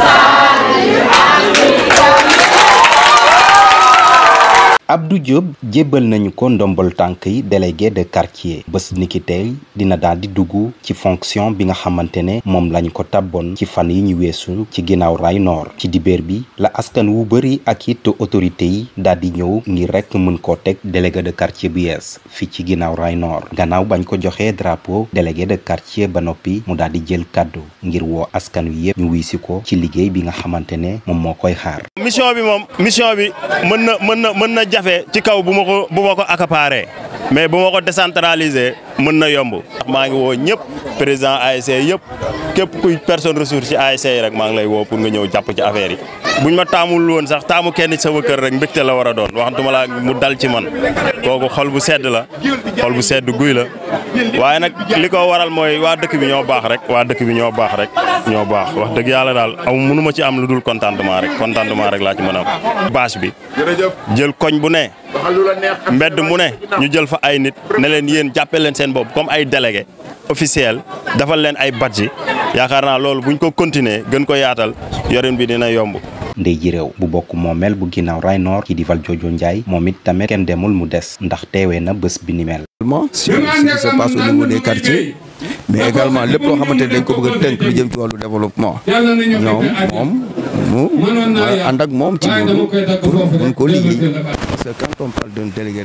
Musa Abdou Diop jébbal nañu ko ndombol tànk yi délégué de quartier bés niki tey dina daal di dugg ci fonction bi nga xamante ne moom lañ ko tabboon ci fan yi ñu weesu ci ginnaaw Rail Nord ci dibeer bi la askan wu bëri ak it autorité yi daal di ñëw ngir rek mën koo teg délégué de quartier bu yees fii ci ginnaaw Rail Nord gannaaw bañ ko joxee drapo délégué de quartier ba noppi mu daal di jël kàddu ngir woo askan wi yëpp ñu wuysi ko ci liggéey bi nga xamante ne moom moo koy xaar. jafe ci kaw bu ma ko bu ma ko accaparé mais bu ma ko décentralisé mën na yomb. maa ngi woo ñëpp président ASC yëpp képp kuy personne ressource ci ASC rek maa ngi lay woo pour nga ñëw jàpp ci affaire yi. bu ñu ma taamul woon sax taamu kenn ci sama kër rek mbégte la war a doon waxantuma laa mu dal ci man kooku xol bu sedd la xol bu sedd guy la waaye nag li ko waral mooy waa dëkk bi ñoo baax rek dëkk bi ñoo baax rek ñoo baax wax yàlla daal aw mënu ci am lu dul contentement rek contentement rek laa ci mën a bâche bi jël koñ bu ne mbedd mu ne ñu jël fa ay nit ne leen yéen jàppe leen seen bopp comme ay délégué officiel dafal leen ay badge yaakaar naa loolu buñ ko continuer gën ko yaatal yorin bi dina yomb ndey réew bu bokk moomeel bu ginnaaw raay noor ki di Valdiodio Ndiaye moom it tamit kenn demul mu des ndax teewee na bés bi ni mel. sur ce qui se passe au niveau des lépp loo xamante ne dañ ko bëgg a tënk lu jëm ci wàllu développement ñoom moom. mu ànd ak moom ci loolu pour mun ko liggéey parce que quand on parle d'un délégué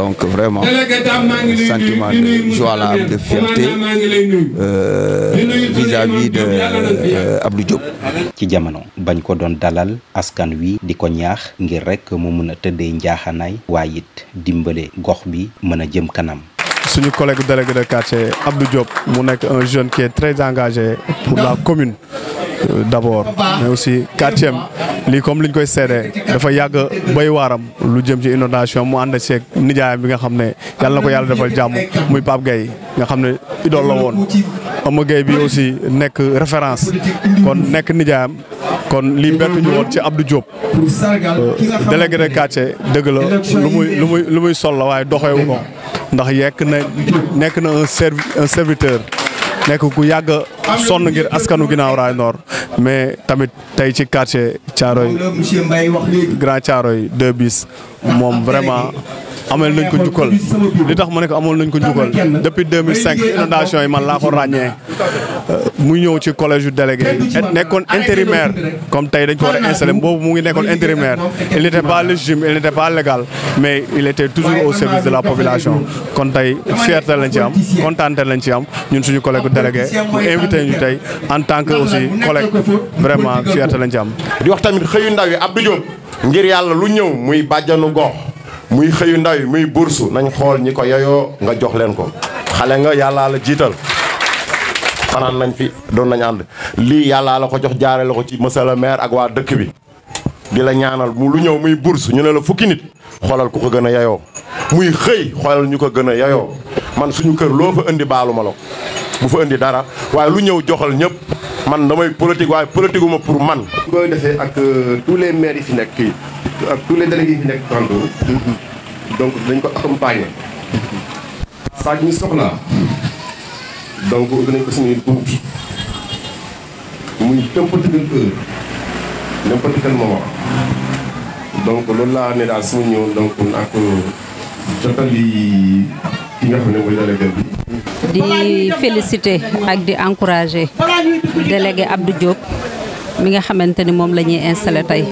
donc vraiment sentiment de joie la am de fierté euh, vis-à-vis de euh, Abdou Diop. ci jamono bañ ko doon dalal askan wi di ko ñaax ngir rek mu mën a tëddee njaaxanaay waaye it dimbale gox bi mën a jëm kanam. suñu collègue délégué de quartier Abdou Diop mu nekk un jeune qui est très engagé pour la commune euh, d'abord mais aussi quartier lii comme liñ koy seede dafa yàgg bay waaram lu jëm ci inondation mu ànd seeg nijaayam bi nga xam ne yàlla na ko yàlla defal jàmm muy Pape Gueye nga xam ne idole la woon Ama Gueye bi aussi nekk référence kon nekk nijaayam kon lii bett ñu woon ci Abdou Diop euh, délégué de quartier dëgg lu muy lu muy muy sol la waaye doxewu ko ndax yekk na nekk na un serviteur nekk ku yàgg sonn ngir askanu ginnaaw raay Nord mais tamit tey ci quartier Thiaroye Grand Thiaroye deux bis moom vraiment amal nañ ko njukkal li tax ma ne ko amal nañ ko njukkal depuis 2005 inondation yi man laa ko ràññee mu ñëw ci collège yu délégué yi nekkoon intérimaire comme tey dañ ko war a installé boobu mu ngi nekkoon intérimaire il n'était pas légitime il n'était pas légal mais il était toujours au service de la population kon tey fierté lañ ci am kontaante lañ ci am ñun suñu collègue délégué mu invité ñu tey en tant que aussi collègue vraiment fierté lañ ci am di wax tamit xëyu ndaw yi Abdou Diop ngir yàlla lu ñëw muy bàjjanu gox muy xëyu ndaw yi muy bourse nañ xool ñi ko yeyoo nga jox leen ko xale nga yàllaa la jiital fanaan nañ fi doon nañ ànd lii yàllaa la ko jox jaare la ko ci monsieur meer ak waa dëkk bi di la ñaanal mu lu ñëw muy bourse ñu ne la fukki nit xoolal ku ko gën a yeyoo muy xëy xoolal ñu ko gën a yeyoo man suñu kër loo fa indi baalu ma la bu fa indi dara waaye lu ñëw joxal ñëpp man damay politique waaye politique uma pour man. koy defee ak euh, tous les maires yi fi nekk ak tous les délégués yi fi nekk Randour mhm. donc dañ ko accompagner saa ñu soxlaa donc dinañ ko suñuy bunt muy n'importe quelle heure n'importe quel donc loolu laa ne daal su ñëw donc naa ko jotali ki nga xam ne mooy délégué bi di féliciter ak di encourager délégué Abdou mi nga xamante ni moom la ñuy installé tey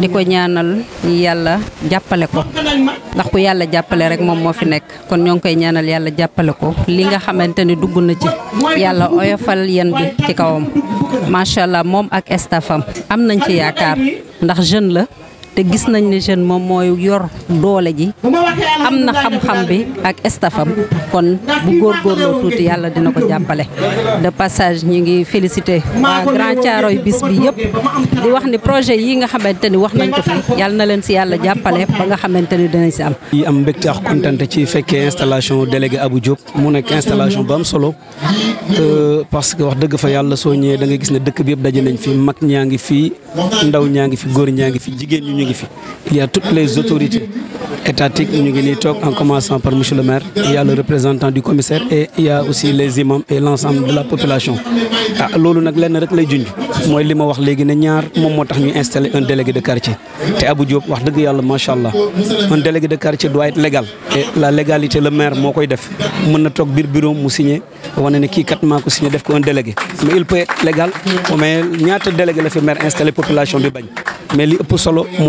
di ko ñaanal yàlla jàppale ko ndax ku yàlla jàppale rek moom moo fi nekk kon ñoo ngi koy ñaanal yàlla jàppale ko li nga xamante ni dugg na ci yàlla oyofal yen bi ci kawam macha allah moom ak estafam am nañ ci yaakaar ndax jeune la. te gis nañ ne jeune moom mooy yor doole ji am na xam-xam bi ak estafam kon bu góorgóorloo tuuti yàlla dina ko jàppale. de passage ñi ngi félicité waa Grand Thiaroye bis bi yëpp di wax ni projet yi nga xamante ni wax nañ ko fi yàlla na leen si yàlla jàppale ba nga xamante ni dinañ si am. yi am mbégte ak kontante ci fekkee installation délégué abu Diop mu nekk installation ba am solo euh, parce que wax dëgg fa yàlla soo ñëwee da nga gis na dëkk bi yëpp daje nañ fi mag ñaa mi ngi fi il y a toutes les autorités étatiques ñu ngi nii toog en commençant par monsieur le maire il y a le représentant du commissaire et il a aussi les imams et l'ensemble de la population ah loolu nag lenn rek lay junj mooy li ma wax léegi ne ñaar moom moo tax ñu installer un délégué de quartier te Abou Diop wax dëgg yàlla macha allah un délégué de quartier doit être légal et la légalité le maire moo koy def mën na toog biir mu signé wane ne kii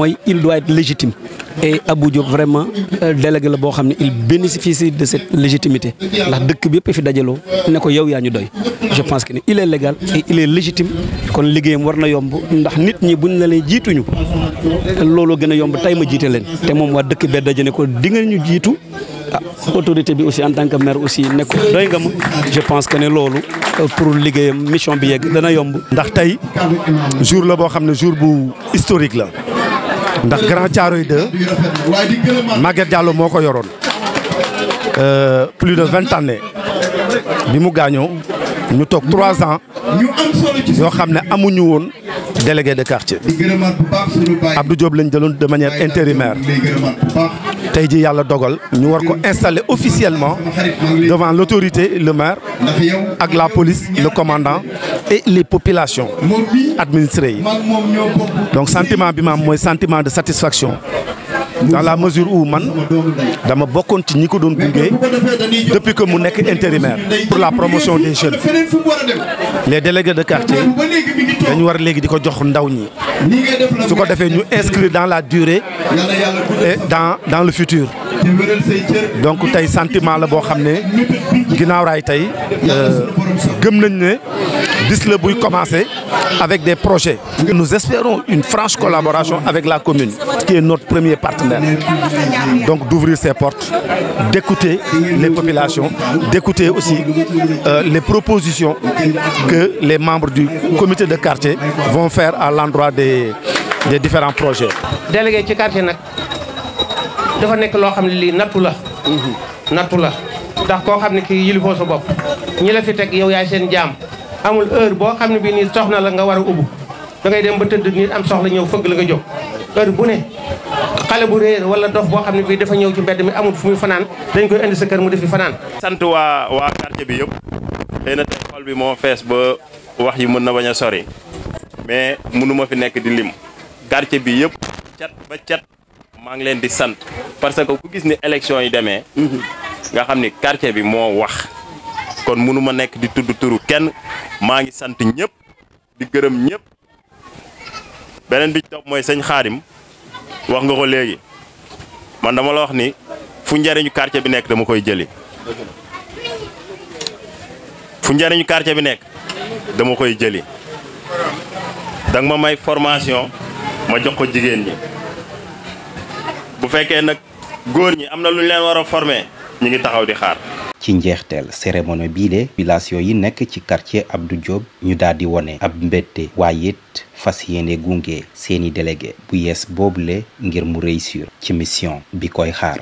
mooy il doit être légitime et Abou Diop vraiment euh, délégué la boo xam ne il bénéficie de cette légitimité ndax dëkk bi yëpp fi dajaloo ne ko yow yaa ñu doy je pense que ne il est légal et il est légitime kon liggéeyam war na yomb ndax nit ñi buñ la leen jiituñu looloo gën a yomb tey ma jiite leen te moom waa dëkk bee daje ko di nga ñu jiitu ah, autorité bi aussi en tant que maire aussi ne ko doy nga ma je pense que ne loolu euh, pour liggéeyam mission bi yegg dana yomb. ndax tey jour boo xam ne jour bu historique la. ndax Grand Thiaroye 2 Maguette Diallo moo ko yoroon euh, plus de vingt années bi mu gaañoo ñu toog trois ans yoo xam ne amuñu woon délégué de quartier du joob lañ jëloon de manière intérimaire tey ji yàlla dogal ñu war ko installer officiellement devant l'autorité le maire ak la police le commandant et les populations administrées yi donc sentiment bi ma mooy sentiment de satisfaction dans la mesure où man dama bokkoon ci ñi ko doon gunge depuis que mu nekk intérimaire pour la promotion des jeunes les délégués de quartier dañu war léegi di ko jox ndaw ñi su ko defee ñu inscrire dans la durée dans dans le futur donc tey sentiment la boo xam ne ginnaaw raay tey euh, gëm nañ ne bis la buy commencer avec des projets. Nous espérons une franche collaboration avec la commune, qui est notre premier partenaire. Donc d'ouvrir ses portes, d'écouter les populations, d'écouter aussi euh, les propositions que les membres du comité de quartier vont faire à l'endroit des des différents projets. délégué ci quartier nag dafa nekk loo xam ne lii nattu la. Mhm. nattu la ndax koo xam ne kii yilifoo sa ñi la fi teg yow yaay seen jaam. amul heure boo xam ne bii nii soxna la nga war a ubbu da dem ba tëdd nit am soxla ñëw fëgg la nga jóg heure bu ne xale bu réer wala dox boo xam ne bii dafa ñëw ci mbedd mi amul fu muy fanaan dañ koy indi sa kër mu def fi fanaan. sant waa waa quartier bi yëpp xëy na bi moo fees ba wax yi mën na bañ a sori mais mënu fi nekk di lim quartier bi yëpp cat ba cat maa ngi leen di sant parce que ku gis ni élection yi demee. Mhm. nga xam ni quartier bi moo wax kon mënu nekk di tudd turu kenn. maa ngi sant ñëpp di gërëm ñëpp beneen bi topp mooy sëñ Xaadim wax nga ko léegi man dama la wax ni fu njariñu quartier bi nekk dama koy jëli fu njariñu quartier bi nekk dama koy jëli danga ma may formation ma jox ko jigéen ñi bu fekkee nag góor ñi am na lu ñu leen war a former ngi taxaw di xaar ci njeexteel cérémonie bii de population yi nekk ci quartier Abdou Diop ñu daal di wone ab mbette waaye it fas yéene gunge seeni délégué bu yees boobule ngir mu réussir ci mission bi koy xaar.